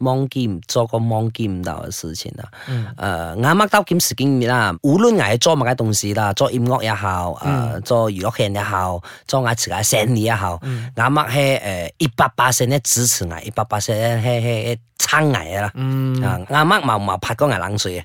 忘記做過忘記唔到嘅事情啦，誒、嗯，阿媽到今時今日啦，無論係做麼個東西啦，做音樂也好，誒、呃，做娛樂圈也好，做下自己生意也好，阿媽係誒一百八成咧支持我，一百八成咧去去撐我啦，嗯，啊、嗯，阿媽冇冇拍過我冷水。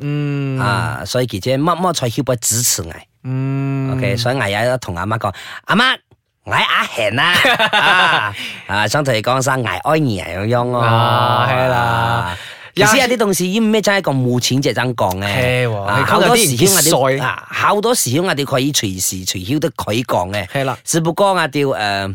嗯啊，所以姐姐乜乜菜都唔支持我。嗯，OK，所以我也同阿媽講，阿媽我阿賢啊，啊想同你講聲我愛你咁樣咯。啊係啦，有時有啲同事已經咩真係咁冇錢就真講嘅，好多時候我哋好多時我哋可以隨時隨地都可以講嘅，係啦，只不過我哋誒。